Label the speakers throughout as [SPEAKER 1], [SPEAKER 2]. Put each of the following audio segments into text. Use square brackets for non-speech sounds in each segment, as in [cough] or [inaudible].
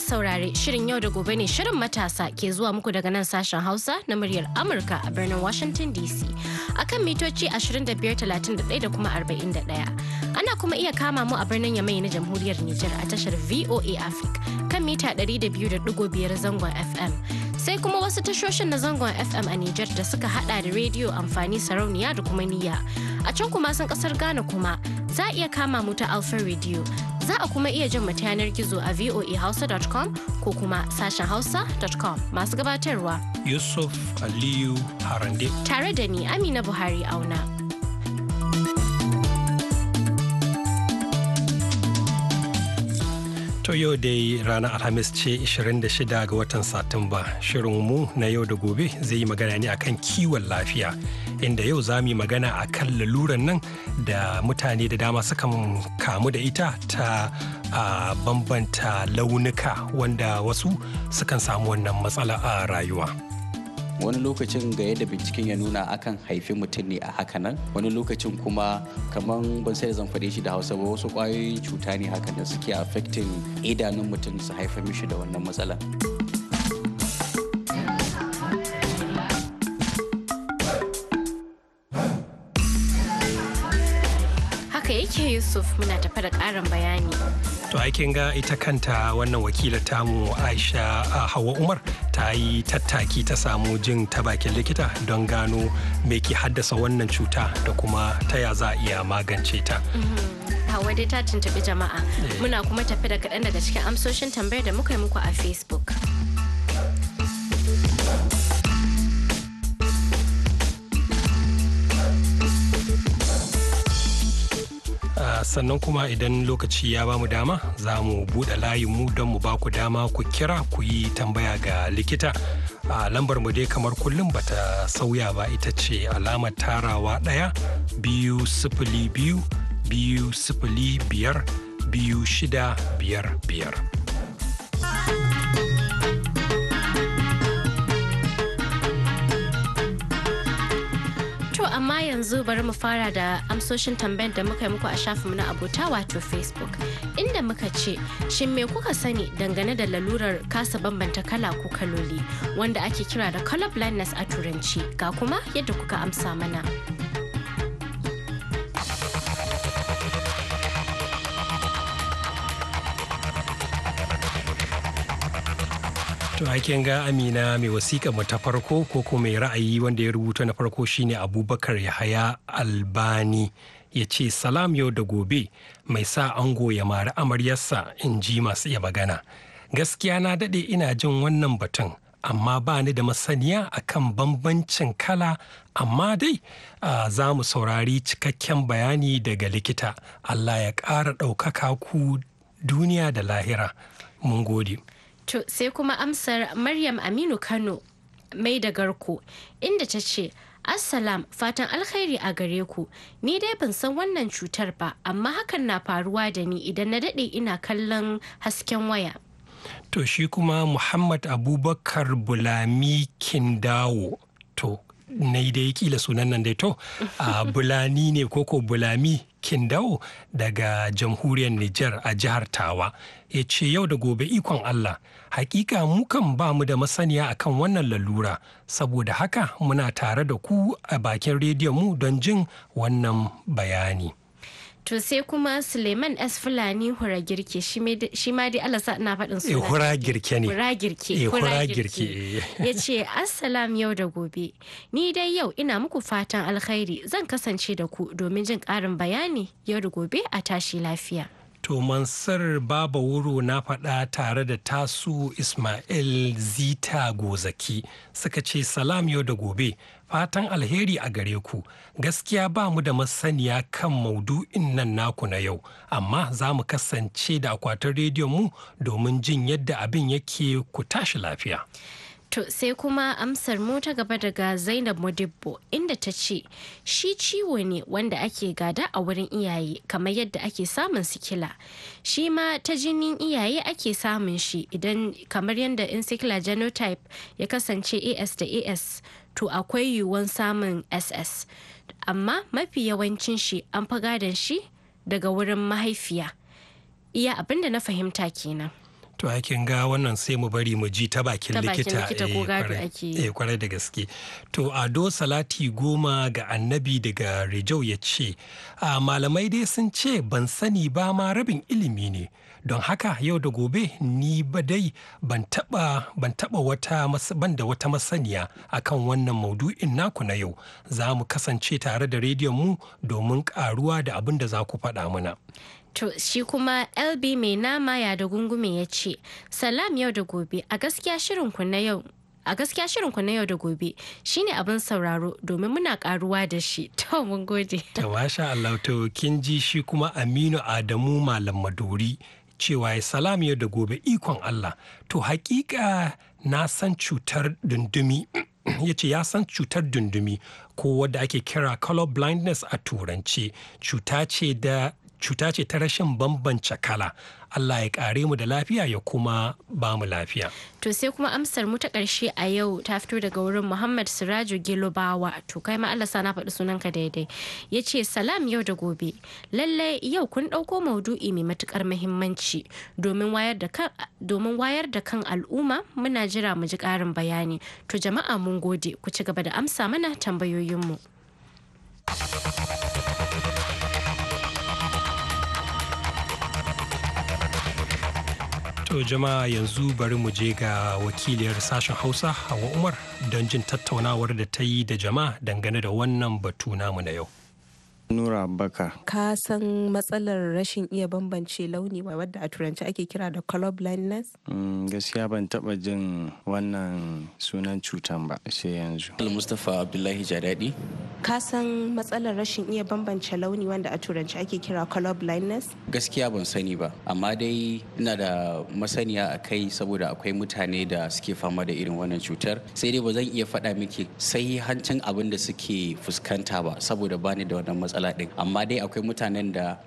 [SPEAKER 1] masu saurare shirin yau da gobe ne shirin matasa ke zuwa muku daga nan sashen Hausa na muryar Amurka a birnin Washington DC akan mitoci 2531 da kuma 41. Ana kuma iya kama mu a birnin Yamai na Jamhuriyar Nijar a tashar VOA Africa kan mita 200.5 zangon FM. Sai kuma wasu tashoshin na zangon FM a Nijar da suka hada da rediyo amfani sarauniya da kuma niyya. A can kuma sun kasar Ghana kuma za a iya kama mu ta Alpha rediyo. Za a kuma iya jin mata yanar gizo a voahausa.com ko kuma sashen hausa.com masu gabatarwa.
[SPEAKER 2] Yusuf Aliyu Harande.
[SPEAKER 1] Tare da ni Amina Buhari auna.
[SPEAKER 2] To yau dai rana Alhamis ce 26 ga watan Satumba. mu na yau da gobe zai yi magana ne akan kiwon lafiya, inda yau za mu yi magana akan laluran nan da mutane da dama suka kamu da ita ta a bambanta launuka wanda wasu sukan samu wannan matsala a rayuwa.
[SPEAKER 3] wani lokacin ga yadda binciken ya nuna akan haifi mutum ne a haka nan wani lokacin kuma kamar ban sai da zan faɗe shi da hausa ba wasu ƙwayoyin cuta ne haka nan suke affecting idanun mutum su haifar mishi da wannan matsalar.
[SPEAKER 1] haka yake yusuf muna tafa da ƙarin bayani
[SPEAKER 2] to aikin ga ita kanta wannan wakilar tamu aisha a hawa umar ta yi tattaki ta samu jin ta bakin likita don gano me ke haddasa wannan cuta da kuma ta ya za a iya magance ta mm-hmm.
[SPEAKER 1] hawa dai ta tuntubi jama'a eh. muna kuma tafi da kaɗan daga cikin amsoshin tambayar da muka yi muku a facebook
[SPEAKER 2] sannan kuma idan lokaci ya ba mu dama za mu buɗe layinmu don mu ba ku dama ku kira ku yi tambaya ga likita a lambar mu dai kamar kullum bata sauya ba ita ce alamar tarawa ɗaya biyu sifili biyu biyu sifili biyar biyu shida biyar biyar
[SPEAKER 1] amma yanzu bari mu fara da amsoshin tambayar da muka yi muku a shafinmu na abota wato facebook inda muka ce shin me kuka sani dangane da lalurar kasa bambanta kala ko kaloli wanda ake kira da color blindness a turanci ga kuma yadda kuka amsa mana.
[SPEAKER 2] To hakin ga Amina mai wasiƙa mu ta farko ko kuma mai ra'ayi wanda ya rubuta na farko shine Abubakar Yahaya Albani ya ce salam yau da gobe mai sa ango ya mari amaryarsa in ji masu iya magana. Gaskiya na daɗe ina jin wannan batun amma ba ni da masaniya akan bambancin kala amma dai za mu saurari cikakken bayani daga likita Allah ya ƙara ɗaukaka ku duniya da lahira. Mun gode.
[SPEAKER 1] To sai kuma amsar Maryam Aminu Kano mai da garko inda ta ce Assalam fatan alkhairi a gare ku ni dai ban san wannan cutar ba amma hakan na faruwa da ni idan na daɗe ina kallon hasken waya.
[SPEAKER 2] To shi kuma Muhammad Abubakar Bulami Kindawo to na dai kila sunan nan dai to a [laughs] bulani ne koko bulami Kindau daga jamhuriyar Nijar a jihar Tawa ya ce yau da gobe ikon Allah hakika mukan kan ba mu da masaniya akan wannan lalura saboda haka muna tare da ku a bakin rediyon mu don jin wannan bayani.
[SPEAKER 1] to sai kuma suleiman s fulani hura girke shi ma dai alasa ina faɗin eh, suna hura girke ne hura eh, girke hura girke ya ce assalam yau da gobe ni dai yau ina muku fatan alkhairi zan kasance da ku domin jin ƙarin bayani yau da gobe a tashi lafiya
[SPEAKER 2] wato mansar baba wuro na faɗa tare da tasu ismail zita gozaki suka ce salam yau da gobe fatan alheri a gare ku gaskiya ba mu da masaniya kan maudu'in nan naku na yau amma za mu kasance da akwatin rediyon mu domin jin yadda abin yake ku tashi lafiya
[SPEAKER 1] To sai kuma amsar mu gaba daga Zainab Modibbo inda ta ce shi ciwo ne wanda ake gada a wurin iyaye kamar yadda ake samun sikila. Shi ma ta jinin iyaye ake samun shi idan kamar yadda in sikila genotype ya kasance AS da AS to akwai yiwuwan samun SS. Amma mafi yawancin shi an fi gadon shi daga wurin mahaifiya. Iya abinda na fahimta kenan.
[SPEAKER 2] to aikin ga wannan sai mu bari mu ji ta bakin likita eh, eh kwarai da gaske to ado salati goma ga annabi daga rejau ya ce malamai dai sun ce ban sani ba ma rabin ilimi ne don haka yau da gobe ni ba dai ban taba ban wata ban da wata masaniya akan wannan maudu'in naku na yau za mu kasance tare da rediyon mu domin karuwa da abin da za ku faɗa mana
[SPEAKER 1] To shi kuma LB mai nama ya da gungume ya ce, Salam yau da gobe a gaskiya shirin ku na yau a gaskiya shirin ku na yau da gobe shine abin sauraro domin muna karuwa da shi [laughs] to mun gode ta
[SPEAKER 2] washa Allah to kin ji shi kuma Aminu Adamu Malam Maduri cewa ya salam yau da gobe ikon Allah to hakika na san cutar dundumi [clears throat] ya ce ya san cutar dundumi ko wadda ake kira color blindness a turance cuta ce da cuta ce ta rashin bambance kala Allah ya kare mu da lafiya ya kuma ba mu lafiya.
[SPEAKER 1] To sai kuma amsar mu ta ƙarshe a yau ta fito daga wurin Muhammad Siraju Gilobawa to kai ma Allah sana faɗi sunanka daidai. Ya ce salam yau da gobe lallai yau kun ɗauko maudu'i mai matukar muhimmanci domin wayar da kan al'umma muna jira mu ji ƙarin bayani. To jama'a mun gode ku ci gaba da amsa mana tambayoyin tambayoyinmu.
[SPEAKER 2] To jama'a yanzu bari mu je ga wakiliyar sashen Hausa Hawa Umar don jin tattaunawar da ta yi da jama'a dangane da wannan batu namu na yau. Nura Baka.
[SPEAKER 1] Ka san matsalar rashin iya bambance launi wadda a turanci ake kira da color blindness?
[SPEAKER 3] Mm, gaskiya ban taba jin wannan sunan cutan ba sai yanzu. Mustapha Abdullahi Jadadi.
[SPEAKER 1] Ka san matsalar rashin iya bambance launi wanda a turanci ake kira color blindness?
[SPEAKER 3] Gaskiya ban sani ba, amma dai ina da masaniya a kai saboda akwai mutane da suke fama da irin wannan cutar. Sai dai ba zan iya faɗa miki sai hancin abin da suke fuskanta ba saboda bani da wannan matsala. matsala ɗin amma dai akwai mutanen da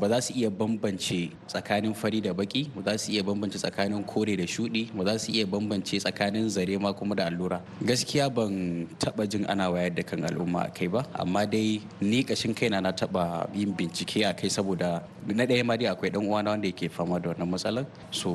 [SPEAKER 3] ba za su iya bambance tsakanin fari da baki ba za su iya bambance tsakanin kore da shuɗi ba za su iya bambance tsakanin zare ma kuma da allura gaskiya ban taba jin ana wayar da kan al'umma kai ba amma dai ni kashin kaina na taba yin bincike a kai saboda na ɗaya ma dai akwai dan uwana wanda yake fama da wannan matsalar so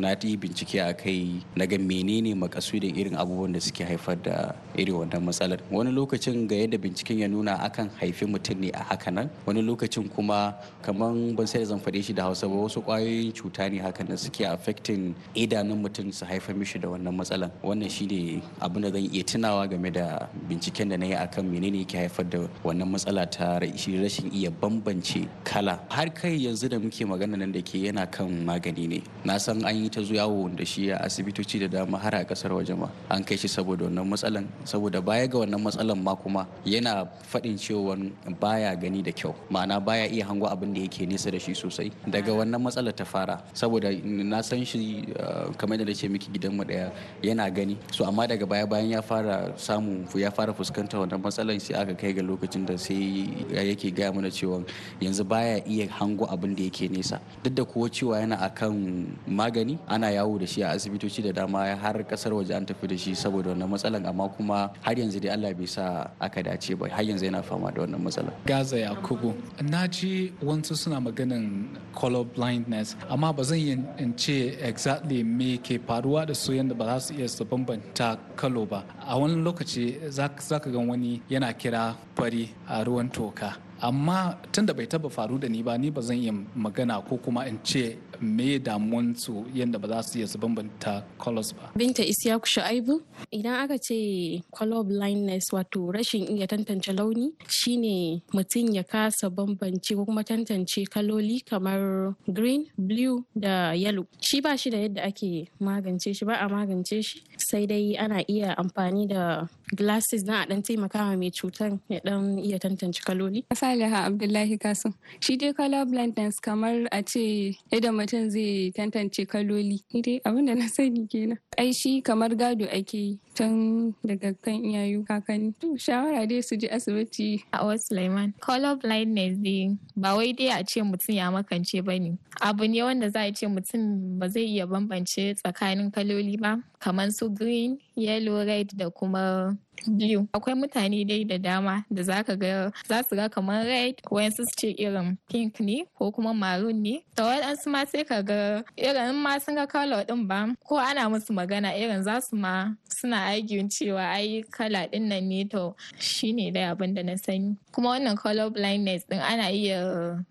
[SPEAKER 3] na yi bincike a kai na ga menene makasudin irin abubuwan da suke haifar da irin wannan matsalar wani lokacin ga yadda binciken ya nuna akan haifi mutum ne a hakanan wani lokacin kuma kamar ban sai zan faɗe shi da hausa ba wasu ƙwayoyin cuta ne hakanan suke affecting idanun mutum su haifar mishi da wannan matsalan wannan shine abin da zan iya tunawa game da binciken da na yi akan menene yake haifar da wannan matsala ta rashin iya bambance kala har kai yanzu da muke magana nan da ke yana kan magani ne na san an yi ta yawo da shi a asibitoci da dama har a kasar waje ma an kai shi saboda wannan matsalan saboda baya ga wannan matsalan ma kuma yana faɗin cewa baya baya gani da kyau ma'ana baya iya hango abin da yake nesa da shi sosai daga wannan matsalar ta fara saboda na san shi eh, kamar da ce miki mu daya yana gani so amma daga baya bayan ya fara samu ya fara fuskanta wannan matsalar sai aka kai ga lokacin da sai yake gaya mana cewa yanzu baya iya hango abin da yake nesa duk da kuwa cewa yana akan magani ana yawo da shi a asibitoci da dama har kasar waje an tafi da shi saboda wannan matsalar amma kuma har yanzu dai Allah bai sa aka dace ba har yanzu yana fama da wannan matsalar gaza yakubu na ji wansu suna maganin color blindness amma ba zan yi in ce exactly me ke faruwa da su yadda ba za su iya su bambanta kalo ba a wani lokaci za ka gan wani yana kira fari a ruwan toka amma tunda bai taba faru da ni ba ni ba zan iya magana ko kuma in ce me damuwansu yadda ba za su iya su bambanta colors ba.
[SPEAKER 1] Binta ku Shu'aibu idan aka ce color blindness wato rashin iya tantance launi shine mutum ya kasa bambance ko kuma tantance kaloli kamar green, blue da yellow. Shi ba shi da yadda ake magance shi ba a magance shi sai dai ana iya amfani da glasses na a dan taimaka mai cutar ya dan iya tantance kaloli. Saliha Abdullahi
[SPEAKER 4] kasu. Shi dai color blindness kamar a ce yadda mutum zai tantance kaloli. dai abin da na sani kenan. Ai shi kamar gado ake yi tun daga kan iyayu kakanni. To shawara dai su ji asibiti. A wasu laiman. Color blindness dai ba wai dai a ce mutum ya makance ba ne. Abu ne wanda za a ce mutum ba zai iya bambance tsakanin kaloli ba kamar su green yellow red da kuma biyu akwai mutane dai da dama da za ga za su ga kamar red wayansu su ce irin pink ne ko kuma maroon ne da waɗansu ma sai ka ga irin ma sun ga kala ɗin ba ko ana musu magana irin za su ma suna arguing cewa ai kala ɗin nan ne to shine dai abin da na sani kuma wannan color blindness ɗin ana iya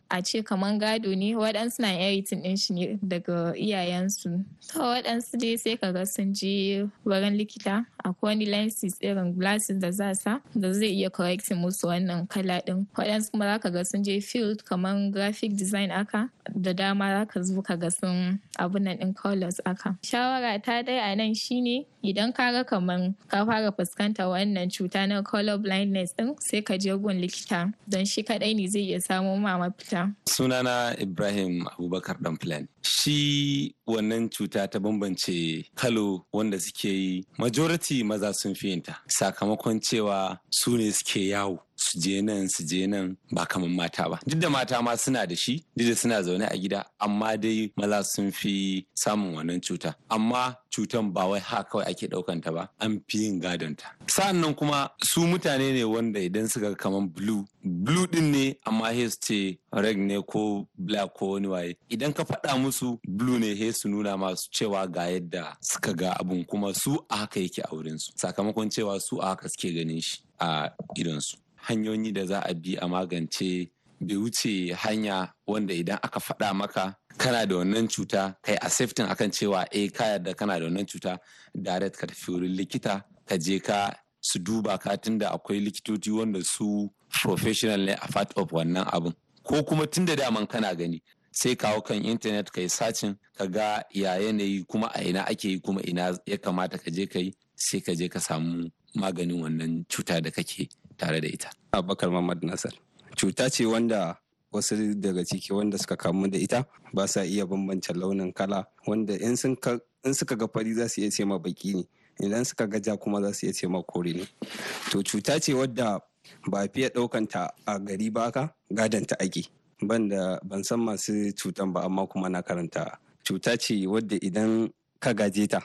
[SPEAKER 4] a ce kamar gado ne waɗansu na editing ɗin shi ne daga iyayensu to waɗansu dai sai ka ga sun je wurin likita akwai wani lenses irin sunglasses da za sa da zai iya correcting musu wannan kala din waɗansu kuma zaka ga sun je field kamar graphic design aka da dama zaka zo ka ga sun abunan din colors aka shawara ta dai a nan shine idan ka ga kaman ka fara fuskanta wannan cuta na color blindness din sai ka je gun likita don shi kadai ne zai iya samo ma mafita
[SPEAKER 5] sunana ibrahim abubakar plan shi wannan cuta ta bambance kalo wanda suke yi majority maza sun fi yinta sakamakon cewa su ne suke yawo su je nan su je nan ba kamar mata ba duk da mata ma suna da shi duk da suna zaune a gida amma dai maza sun fi samun wannan cuta amma cutan ba wai ha kawai ake ta ba an fi yin gadonta sa'annan kuma su mutane ne wanda idan suka kamar blue blue ɗin ne amma hes ce reg ne ko black ko wani waye idan ka faɗa musu blue ne he su nuna masu cewa ga yadda suka ga abun kuma su a haka yake a wurinsu sakamakon cewa su a haka suke ganin shi a idonsu hanyoyi da za a bi a magance bai wuce hanya wanda idan aka faɗa maka kana da wannan cuta kai accepting akan cewa eh ka yarda kana da wannan cuta direct ka tafi wurin likita ka je ka su duba ka tunda akwai likitoci wanda su professional ne a part of wannan abin ko kuma tunda daman kana gani sai kawo kan intanet ka yi sacin ka ga ya yanayi kuma a ina ake yi kuma ina ya kamata ka je ka yi sai ka je ka samu maganin wannan cuta da kake tare da ita abubakar Muhammad nasar cuta ce wanda wasu daga ciki wanda suka kamu da ita ba sa iya bambance launin kala wanda in suka ga fari za su iya ce ma baki ne idan suka ga ja kuma za su iya ce ma kore ne to cuta ce wadda ba fiye ɗaukanta a gari ba ka ta ake ban da ban san masu cutan ba amma kuma na karanta cuta ce wadda idan ka gaje ta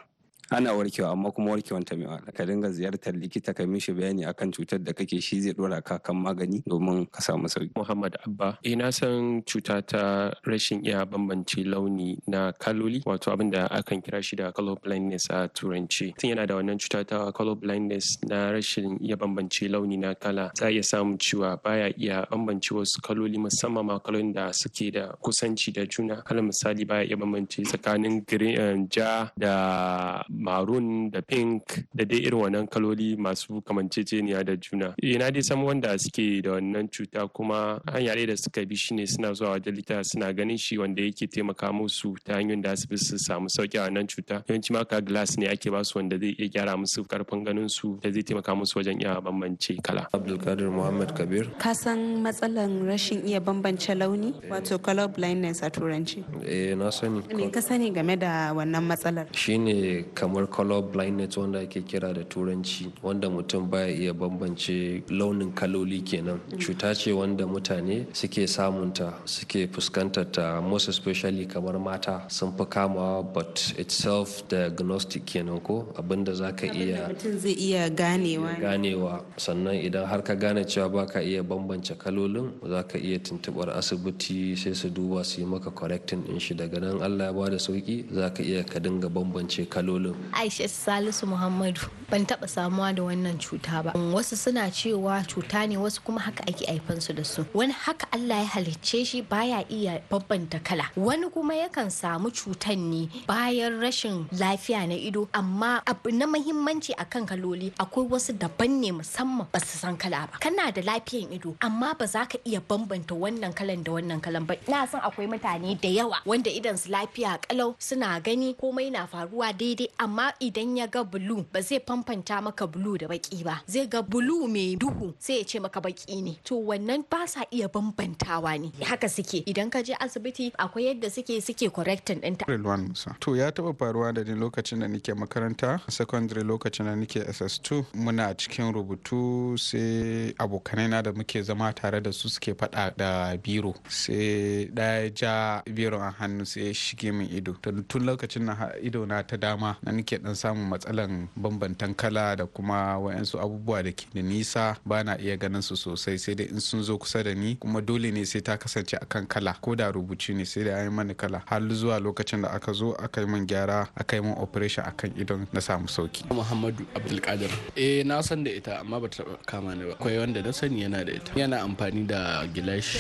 [SPEAKER 5] ana warkewa amma kuma warkewan ta mewa ka dinga ziyartar likita ka mishi bayani akan cutar da kake shi zai dora ka kan magani domin ka samu sauki Muhammad Abba
[SPEAKER 2] eh na san cuta ta rashin iya bambance launi na kaloli wato abin da akan kira shi da color blindness a turanci tun yana da wannan cuta ta color blindness na rashin iya bambance launi na kala za iya samun cewa baya iya bambance wasu kaloli musamman ma kalolin da suke da kusanci da juna kalan misali baya iya bambance tsakanin eh, ja da maroon da pink da dai irin wannan kaloli masu kamanceceniya da juna ina eh, dai san wanda suke da wannan cuta kuma hanya ɗaya da suka bi shine suna zuwa wajen likita suna ganin shi wanda yake taimaka musu ta hanyoyin da su su samu sauki a wannan cuta yawanci ma ka glass ne ake ba su wanda zai iya gyara musu karfin ganin su da zai taimaka musu wajen iya bambance kala abdulkadir muhammad kabir
[SPEAKER 1] ka san matsalan rashin iya bambance launi wato color blindness a turanci
[SPEAKER 2] eh na sani
[SPEAKER 1] ka sani game da wannan matsalar
[SPEAKER 2] shine kamar color blindness wanda ake kira da turanci wanda mutum baya iya bambance launin kaloli kenan cuta ce wanda mutane suke samunta suke fuskantar ta most especially kamar mata sun fi kamawa but itself diagnostic kenan ko abinda za ka
[SPEAKER 1] iya ganewa
[SPEAKER 2] sannan idan har ka gane cewa baka iya bambance kalolin za ka iya tuntubar asibiti sai su duba su yi maka correcting din shi daga nan allah ya ba da sauki za ka iya ka dinga bambance kalolin
[SPEAKER 1] aisha salisu muhammadu ban taba samuwa da wannan cuta ba wasu suna cewa cuta ne wasu kuma haka ake haifansu da su wani haka allah ya halicce shi baya iya bambanta kala wani kuma yakan samu cutan ne bayan rashin lafiya na ido amma abu na mahimmanci kan kaloli akwai wasu daban ne musamman ba su san kala ba kana da lafiyan ido amma ba za ka iya bambanta wannan kalan da wannan kalan ba Ina san akwai mutane da yawa wanda idan su lafiya kalau suna gani komai na faruwa daidai amma idan ya ga bulu ba zai fanfanta maka bulu da baki ba zai ga bulu mai duhu sai ya ce maka baki ne to wannan ba sa iya bambantawa ne haka suke idan ka je asibiti akwai yadda suke suke correcting din ta
[SPEAKER 3] Musa to ya taba faruwa da ni lokacin da nake makaranta secondary lokacin da nake SS2 muna cikin rubutu sai abokanai na da muke zama tare da su suke faɗa da biro sai ɗaya ja biro a hannu sai ya shige min ido tun lokacin na ido na ta dama na ke dan samun matsalan bambantan kala da kuma wayansu abubuwa da ke da nisa ba na iya ganin su sosai sai dai in sun zo kusa da ni kuma dole ne sai ta kasance akan kala ko da rubuci ne sai da an yi mani kala har zuwa lokacin da aka zo aka yi gyara aka yi min operation akan idon na samu sauki muhammadu abdulkadir eh na san da ita amma ba ta kama ni ba akwai wanda na sani yana da ita yana amfani da gilashi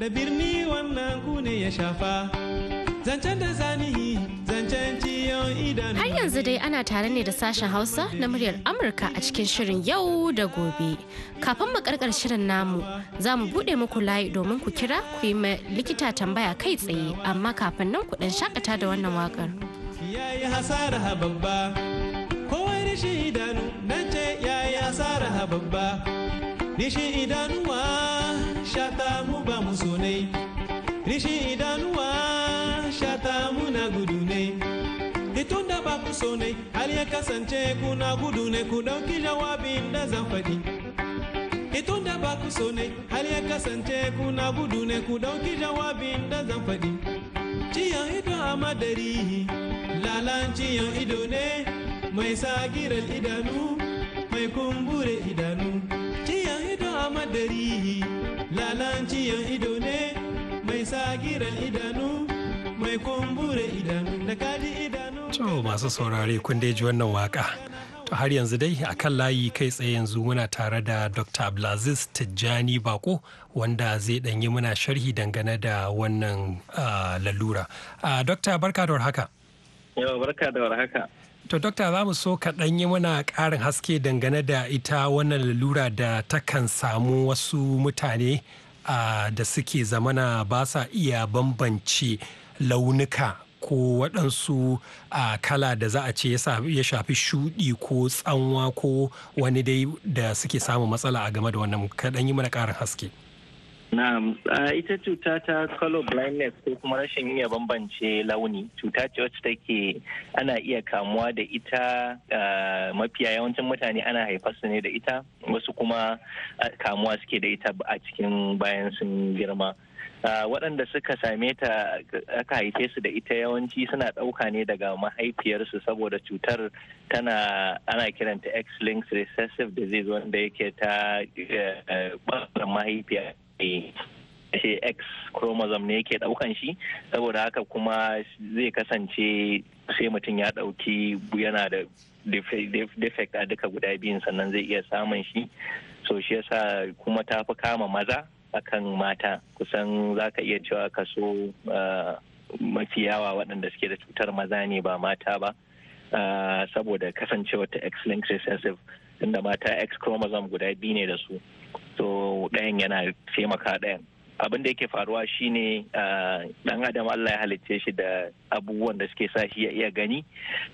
[SPEAKER 6] da birni wannan ku ne ya shafa zancen da zanihi zancen
[SPEAKER 1] ciyon idanu har yanzu dai ana tare ne da sashen hausa na muryar amurka a cikin shirin yau da gobe kafin mu karkar shirin namu za mu bude muku layi domin ku kira ku yi ma likita tambaya kai tsaye amma kafin nan ku dan shakata da wannan wakar
[SPEAKER 6] yayi hasara hababba kowai rishi idanu nan ce yayi hasara hababba rishi idanuwa shata mu ba mu sonai rishi idanuwa shata muna gudu ne tun da ba ku so ne hal ya kasance kuna gudu ne ku dauki jawabin da zan faɗi tun da ba ku so ne hal ya kasance kuna gudu ne ku dauki jawabin da zan faɗi ciyan ido a madari lalan ciyan ido ne mai sagirar idanu mai kumbure idanu ciyan ido a madari lalan ciyan ido ne mai sagirar idanu mai kumbure idanu da kaji
[SPEAKER 2] idanu to masu saurare kun dai ji wannan waka to har yanzu dai a kan layi kai tsaye yanzu muna tare da dr abdulaziz tijjani bako wanda zai ɗanyi muna sharhi dangane da wannan lalura dr barka da warhaka
[SPEAKER 7] yawa barka da warhaka
[SPEAKER 2] To, Dokta za mu so ka yi muna ƙarin haske dangane da ita wannan lalura da ta kan samu wasu mutane da suke zamana ba sa iya bambance launuka ko waɗansu a kala da za a ce ya shafi shuɗi ko tsanwa ko wani dai da suke samun matsala a game da wannan kaɗan yi mana ƙarin haske.
[SPEAKER 7] Na'am, ita cuta ta color blindness ko kuma rashin iya bambance launi cuta ce wacce take ana iya kamuwa da ita mafiya yawancin mutane ana haifar su ne da ita wasu kuma kamuwa suke da ita a cikin bayan sun girma. waɗanda suka same ta aka haife su da ita yawanci suna ɗauka ne daga mahaifiyarsu saboda cutar tana ana kiranta x links recessive disease wanda yake ta eh, ɓarɓar mahaifiya x chromosome ne yake ɗaukan shi saboda haka kuma zai kasance sai mutum ya ɗauki yana da defect a duka guda biyun sannan zai iya samun shi so shi yasa kuma ta fi kama maza akan mata kusan za ka iya cewa kaso eh, mafi yawa waɗanda suke da cutar maza ne ba mata ba eh, saboda kasancewa ta x-linked recessive tunda mata x chromosome guda biyu ne da su to ɗayan yana taimaka ɗayan abin da yake faruwa shine ah, dan adam Allah ya halicce shi da abubuwan da suke sa shi ya iya gani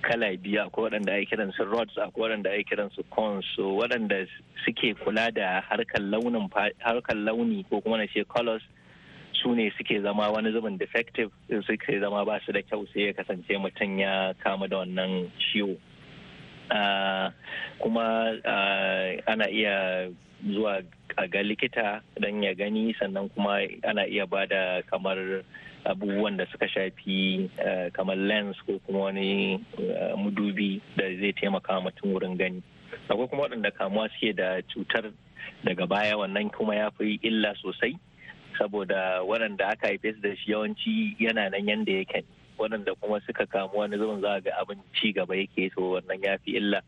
[SPEAKER 7] kala biyu ko waɗanda ake kiran su rods ko waɗanda ake kiran su cones waɗanda suke kula da harkar launi ko kuma na ce colors su ne suke zama wani zubin defective suke zama ba su da kyau sai ya kasance mutum ya kama da wannan ciwo ah, kuma ah, ana iya zuwa a ga likita don ya gani sannan kuma ana iya ba da kamar abubuwan da suka shafi eh, kamar lens ko kuma wani eh, mudubi da zai taimaka mutum wurin gani akwai kuma waɗanda kamuwa suke da cutar daga baya wannan kuma ya fi illa sosai saboda waɗanda aka haife su da shi yawanci yana nan yanda yake waɗanda kuma suka kamu wani zuwan za ga abin ci gaba yake so wannan ya fi illa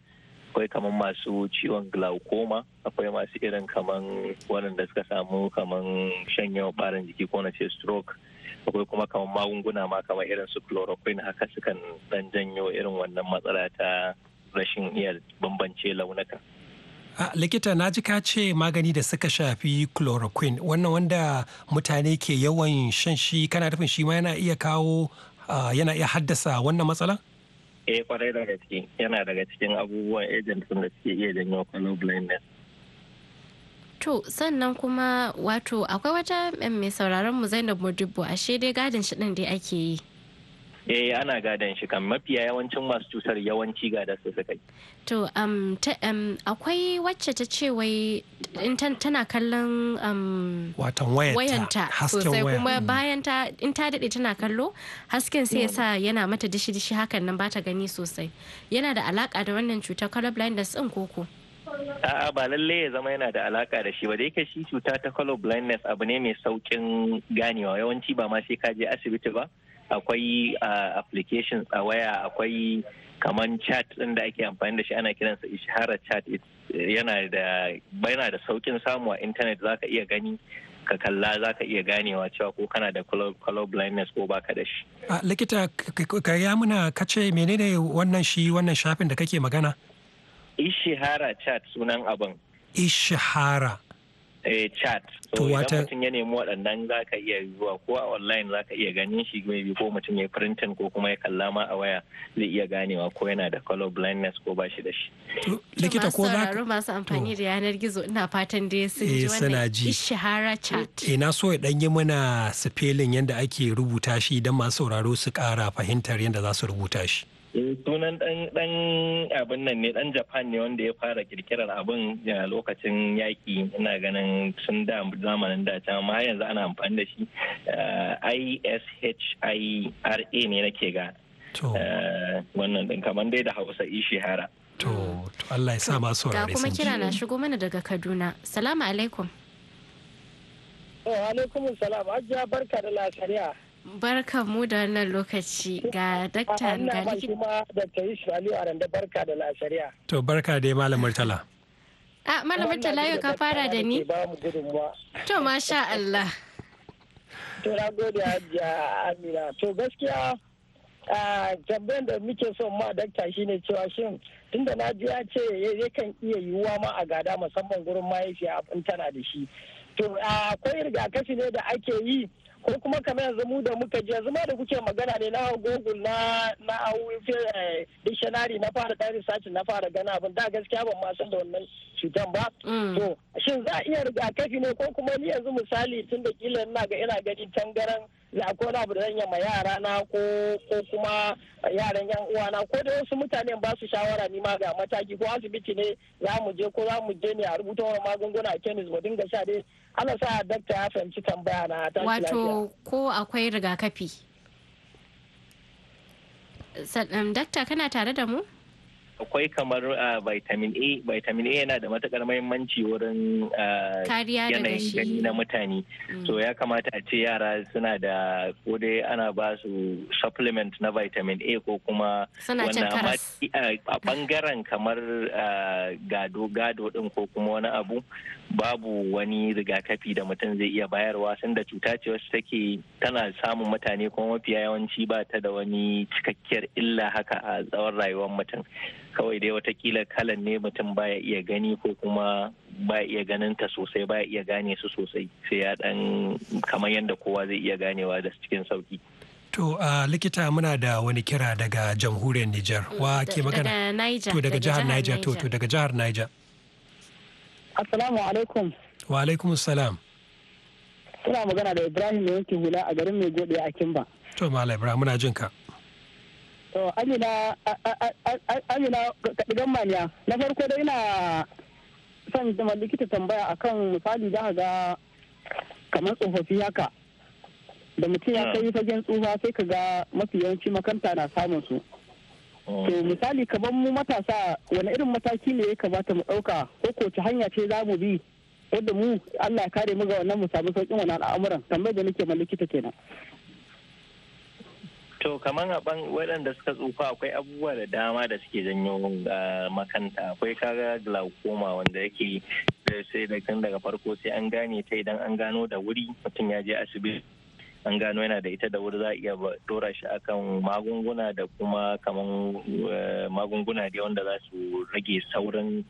[SPEAKER 7] akwai kamar masu ciwon glaucoma akwai masu irin kamar waɗanda suka samu kamar shanyewa ɓarin jiki ko na ce stroke akwai kuma kamar magunguna ma kamar irin su chloroquine haka sukan dan janyo irin wannan matsala ta rashin iya bambance launuka.
[SPEAKER 2] a ah, likita na ji ka ce magani da suka shafi chloroquine wannan wanda mutane ke yawan shan shi kana nufin shi ma yana iya kawo ah, yana iya haddasa wannan matsala?
[SPEAKER 7] eh kwarai da ciki yana daga cikin abubuwan agent da suke iya janyo color blindness
[SPEAKER 1] to sannan kuma wato akwai wata eh, mai sauraron mu zainab modibo ashe dai gadin shi ɗin dai ake yi
[SPEAKER 7] eh ana gadon shi kan mafiya yawancin masu cutar yawanci gada su suka yi
[SPEAKER 1] to um, um, akwai wacce ta ce wai tana kallon um, watan wayanta sosai kuma mm. bayan ta in ta daɗe tana kallo hasken sai yasa mm. yana mata dishi-dishi hakan nan ba ta gani sosai yana da alaka da wannan cutar colorblindness ɗin koko
[SPEAKER 7] A'a ba lallai ya zama yana da alaka da shi ba da yake shi cuta ta color blindness abu ne mai saukin ganewa yawanci ba ma sai ka je asibiti ba akwai uh, applications a waya akwai kaman chat ɗin da ake amfani da shi ana kiransa ishara chat yana da yana da saukin samu a intanet zaka iya gani ka kalla za ka iya ganewa cewa ko kana da color blindness ko baka da shi.
[SPEAKER 2] Ah, likita ka ya muna kace menene wannan shi wannan shafin da kake magana?
[SPEAKER 7] Ishihara chat sunan abin.
[SPEAKER 2] Ishihara.
[SPEAKER 7] eh, chat so idan mutum ya nemi waɗannan za ka iya zuwa ko a online za ka iya ganin shi maybe ko mutum ya printin ko kuma ya kalla ma a waya zai iya ganewa ko yana da color blindness ko ba shi da shi
[SPEAKER 1] likita ko za ka masu amfani da yanar gizo ina fatan da sun eh, ji wannan ishahara chat
[SPEAKER 2] eh na so ya dan yi mana spelling yadda ake rubuta shi idan masu sauraro su kara fahimtar yadda za su rubuta shi
[SPEAKER 7] Eh, sunan dan abin nan ne dan japan ne wanda ya fara kirkirar abin a lokacin yaki ina ganin sun da zamanin da can amma yanzu ana amfani da shi eh, ishira ne nake ga eh, wannan din kamar dai da hausa ishihara to
[SPEAKER 2] to Allah ya sa masu
[SPEAKER 1] ga kuma kira na shigo mana daga Kaduna salamu alaikum
[SPEAKER 2] wa alaikum salam ajiya
[SPEAKER 1] barka da lasariya Barka mu da wannan lokaci ga dakta ga likita. kuma
[SPEAKER 7] da ta yi shirali a randa barka da lasariya.
[SPEAKER 2] To barka dai Malam Murtala.
[SPEAKER 1] A ah, Malam Murtala yau ka fara da ni? To masha Allah.
[SPEAKER 7] To na gode ya Amina. To gaskiya tambayan da muke son ma dakta shine cewa shin tunda na ji ya ce yakan iya yiwuwa ma a gada musamman gurin mahaifiya abin tana da shi. To akwai rigakafi ne da ake yi ko kuma kamar yanzu mu da muka ji yanzu ma da kuke magana ne na a google na na eh, dictionary na fara ɗan research na fara gana abin da gaskiya ban ma san da wannan cutan ba mm. to shin za a iya rigakafi ne ko kuma ni yanzu misali tun da kila ina ga ina gani tangaran da ko da abu da zan yi ma yara na ko kuma yaran yan uwa na ko da wasu mutane ba su shawara ni ma ga mataki ko asibiti ne za mu je ko za mu je ne a rubuta wa magunguna a kemis mu dinga sha dai ana sa dakta ya fahimci tambaya na ta wato
[SPEAKER 1] ko akwai rigakafi um, dakta kana tare da mu
[SPEAKER 7] akwai kamar uh, vitamin A vitamin A yana da matukar mahimmanci wurin uh, yanayin gani na mutane mm. so ya kamata a ce yara suna da ko dai ana ba su supplement na vitamin A ko kuma
[SPEAKER 1] wannan
[SPEAKER 7] a bangaren kamar uh, gado gado din ko kuma wani abu babu wani rigakafi da mutum zai iya bayarwa da cuta ce wasu take tana samun mutane kuma mafiya yawanci ba ta da wani cikakkiyar illa haka a tsawon rayuwar mutum kawai dai watakila kalan ne mutum baya iya gani ko kuma baya iya ganin ta sosai baya iya gane su sosai sai ya dan kamar yadda kowa zai iya ganewa da cikin sauki
[SPEAKER 2] To a likita muna da wani kira daga jamhuriyar Nijar mm, wa ke magana
[SPEAKER 1] to daga jihar Niger to to daga
[SPEAKER 2] jihar Niger Assalamu alaikum Wa alaikum salam
[SPEAKER 1] suna magana da Ibrahim da
[SPEAKER 3] yankin hula a garin Mai gobe a Kimba
[SPEAKER 2] To Malam Ibrahim muna jin ka
[SPEAKER 3] Amina Amina Kadigan Maniya na farko dai na son da likita tambaya akan misali za ga kamar tsofaffi haka da mutum ya hmm. kai fagen tsufa sai ka ga mafi yawanci makanta na samun su. Hmm. To misali kamar mu matasa wani irin mataki ne ya kamata mu ɗauka ko ko ci hanya ce za mu bi wadda mu Allah ya kare mu ga wannan mu samu sauƙin wannan al'amuran tambayar da nake ma likita kenan.
[SPEAKER 7] To kaman a ban waɗanda suka tsufa akwai abubuwa da dama da suke janyo ah, makanta akwai kaga glaucoma wanda yake eh, sai da kan daga farko sai an gane ta idan an gano da wuri mutum ya je asibiti an gano yana da ita da wuri za a iya dora shi akan magunguna da kuma kaman eh, magunguna da wanda za su rage saurin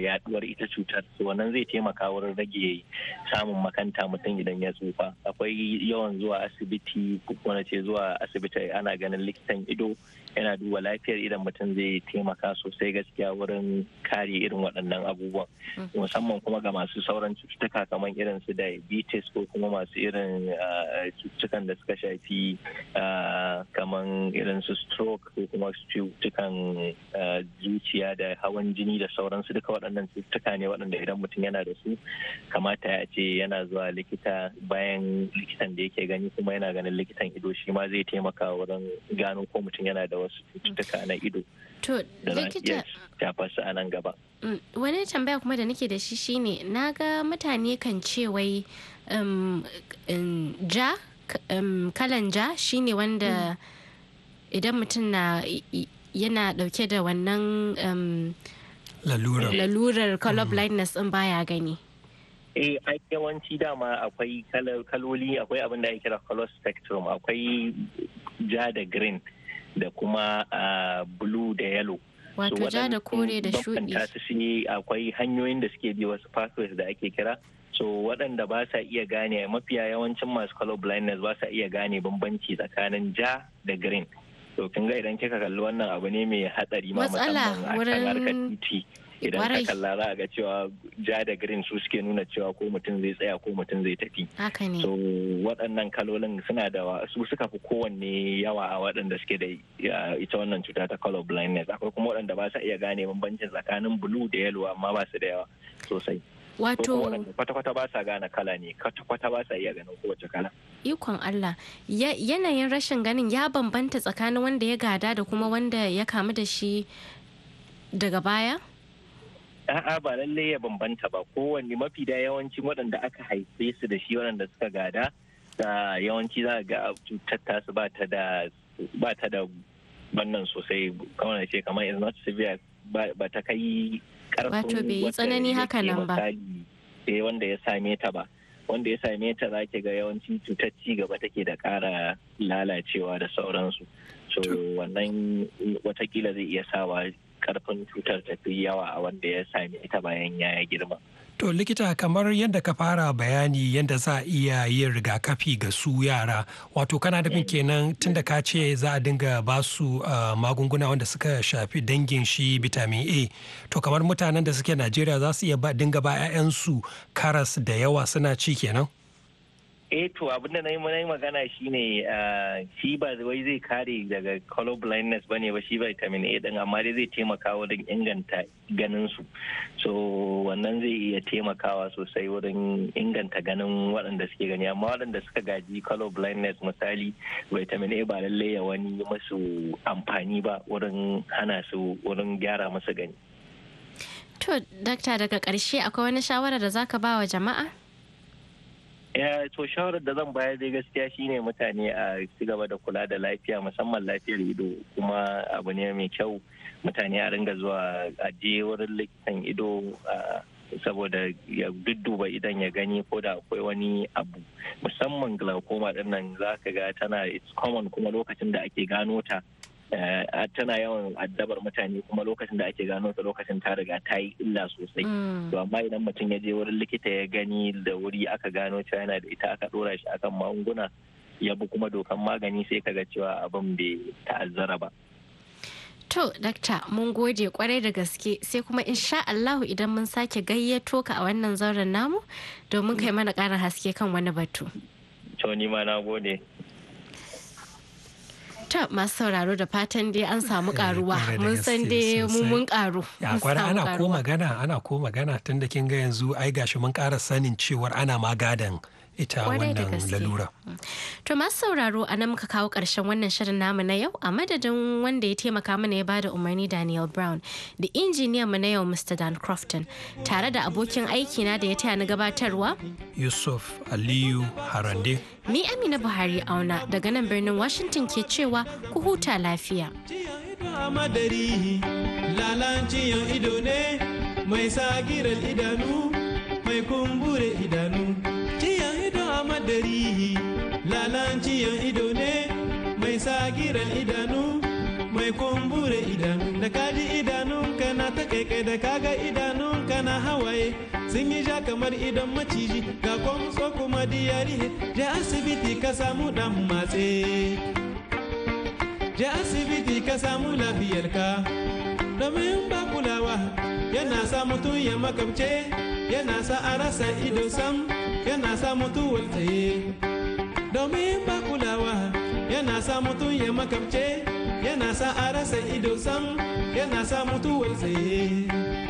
[SPEAKER 7] yaduwar ita cutar wannan zai taimaka wurin rage samun makanta mutum idan ya tsufa akwai yawan zuwa asibiti ko ce zuwa asibiti ana ganin likitan ido yana duba lafiyar idan mutum zai taimaka sosai gaskiya wurin kare irin waɗannan abubuwan mm-hmm. musamman kuma ga masu sauran cututtuka kamar irin su diabetes ko kuma masu irin ah, cututtukan da suka shafi ah, kamar irin su stroke ko kuma cututtukan ah, zuciya da hawan jini da sauran su duka waɗannan cututtuka ne waɗanda idan mutum yana da su kamata ya ce yana zuwa likita bayan likitan da yake gani kuma yana ganin likitan ido shi ma zai taimaka wurin gano ko mutum yana da wasu cututtuka na ido
[SPEAKER 1] da za
[SPEAKER 7] iya a nan gaba.
[SPEAKER 1] Mm, wani tambaya kuma da nake da shi shine na ga mutane kan ce wai um, ja um, kalan ja shine wanda mm. idan mutum na yana dauke da wannan um,
[SPEAKER 2] lalurar
[SPEAKER 1] mm. color blindness din baya gani.
[SPEAKER 7] eh a yawanci dama akwai kaloli akwai abin da ake kira color spectrum akwai ja da green da kuma blue da yellow wato ja da kore da shuɗi akwai hanyoyin da suke bi wasu pathways da ake kira so waɗanda ba sa iya gane mafiya yawancin masu color blindness ba sa iya gane bambanci tsakanin ja da green to kin ga idan kika kalli wannan abu ne mai hatsari ma musamman a kan harkar titi Eh, idan ka kalla za a ga cewa ja da green su suke nuna cewa ko mutum zai tsaya ko mutum zai tafi so waɗannan kalolin suna da su suka fi kowanne yawa a waɗanda suke da ita wannan cuta ta color blindness akwai kuma waɗanda ba sa iya gane bambancin tsakanin blue da yellow amma ba su da yawa sosai wato kwata-kwata ba sa gane kala ne kwata-kwata ba sa iya ganin kowace kala
[SPEAKER 1] ikon Allah yanayin rashin ganin ya bambanta tsakanin wanda ya gada da kuma wanda ya kamu da shi daga baya
[SPEAKER 7] A'a ba lalle ya bambanta ba kowanne mafi da yawancin waɗanda aka haife su da shi waɗanda suka gada da yawanci za ga cutar ba ta da ba ta da bannan sosai kamar ce kamar is not severe ba ta kai karfin wato bai tsanani haka nan ba sai eh, wanda ya same ta ba wanda ya same ta za ga yawanci cutar ci gaba take da ƙara lalacewa da sauransu so wannan watakila zai iya sawa karfin cutar tafi yawa a wanda ya sami ita bayan ya girma.
[SPEAKER 2] To likita kamar yadda ka fara bayani yadda za a iya yin rigakafi ga su yara wato kana da eh. kenan tun da ka ce za a dinga ba su uh, magunguna wanda suka shafi dangin shi vitamin A to kamar mutanen da suke Najeriya za su iya dinga ba 'ya'yansu karas da yawa suna ci kenan?
[SPEAKER 7] eh to abin da na yi magana shi ne ah, shi ba wai zai kare daga color blindness ba ne ba shi vitamin A din amma dai zai taimaka wurin inganta ganin su so wannan zai iya taimakawa sosai wurin inganta ganin waɗanda suke gani amma waɗanda suka gaji color blindness misali vitamin A ba lallai ya wani masu amfani ba wurin hana su wurin gyara masu gani
[SPEAKER 1] to dakta daga karshe akwai wani shawara da zaka ba wa jama'a
[SPEAKER 7] to shawarar da zan bayar dai gaskiya shine mutane a ci gaba da kula da lafiya musamman lafiyar ido kuma abu ne mai kyau mutane a ringa zuwa je wurin likitan ido saboda ya dudduba idan ya gani ko da akwai wani abu musamman glaucoma din nan za ka ga tana it's common kuma lokacin da ake gano ta Eh, tana yawan addabar mutane kuma lokacin da ake gano ta lokacin ta riga ta yi illa sosai mm. to amma idan mutum ya je wurin likita ya gani da wuri aka gano cewa yana da ita aka dora shi akan magunguna ya bi kuma dokan magani sai ka ga cewa abin bai ta'azzara ba
[SPEAKER 1] To, dakta mun gode kwarai da gaske sai kuma insha Allahu idan mun sake gayyato ka a wannan zauren namu domin kai mana karin haske kan wani batu.
[SPEAKER 7] To,
[SPEAKER 2] ni ma na gode.
[SPEAKER 1] ta masu sauraro da fatan dai an samu eh, karuwa mun san dai mu mun karu ya kwana ana ko
[SPEAKER 2] magana ana ko magana tun da kin ga yanzu ai gashi mun ƙara sanin cewar ana ma gadan ita wannan lalura.
[SPEAKER 1] To masu sauraro a nan muka kawo ƙarshen wannan shirin namu na yau a madadin wanda ya taimaka mana ya ba da umarni Daniel Brown da injiniyan mu na yau Mr. Dan Crofton tare da abokin aiki na da ya taya na gabatarwa
[SPEAKER 2] Yusuf Aliyu Harande.
[SPEAKER 1] Ni Amina Buhari auna daga nan birnin Washington ke cewa ku huta lafiya.
[SPEAKER 6] Lalanciyan ne mai idanu mai kumbure idanu. madari lalanciyan ido ne mai sagiran idanu mai kumbure idanu da kaji idanun kana ta kaikai da kaga idanun kana hawaye sun yi ja kamar idan maciji ga kwamso kuma diyari je asibiti ka samu dan matse je asibiti ka samu lafiyarka domin ba kulawa yana sa mutum ya makamce yana sa a rasa ido sam yana sa mutum waltsaye domin ba kulawa yana sa mutum ya makamce yana sa a rasa ido sam yana sa mutum waltsaye